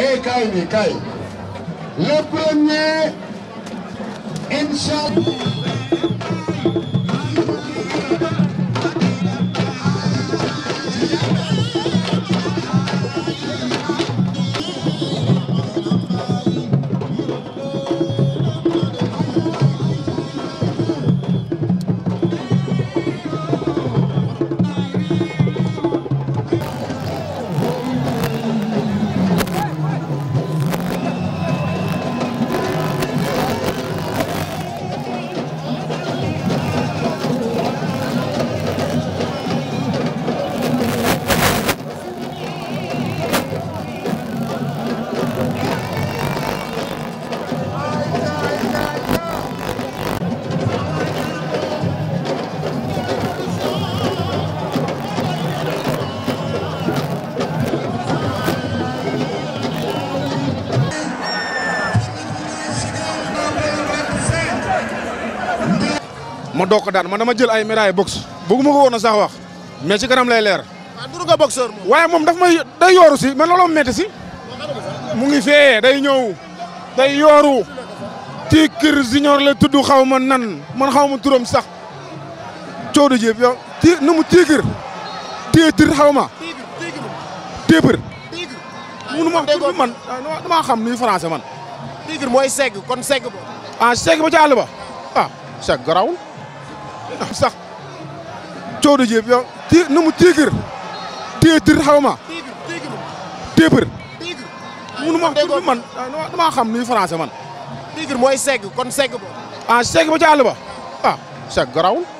eh kaay bi kaay le premier inchallah ma doog ko daan man dama jël ay médaille boxe bëgguma ko woon a sax wax mais ci kanam lay leer. waaw ah, duru nga boxeur moom. waaye moom daf may day yooru si man looloo metti si. mu ngi fee day ñëw day yooru. Tigre Junior la tudd xaw ma nan man xaw ma turam sax coono jéem yow ti nu mu Tigre. Tigre xaw ma. Tigre Tigre. munu ma tur man damaa xam nuy français man. Tigre mooy segg kon segg ba. ah segg ba ci àll ba ah segg garawul. sax Codé Diop yow ti nu mu tiigir tiitir xaw ma. tiigir tiigir. munu ma tur bi man damaa xam luy français man. tiigir mooy segg kon segg ba. ah segg ba ca ba ah garaw garawul.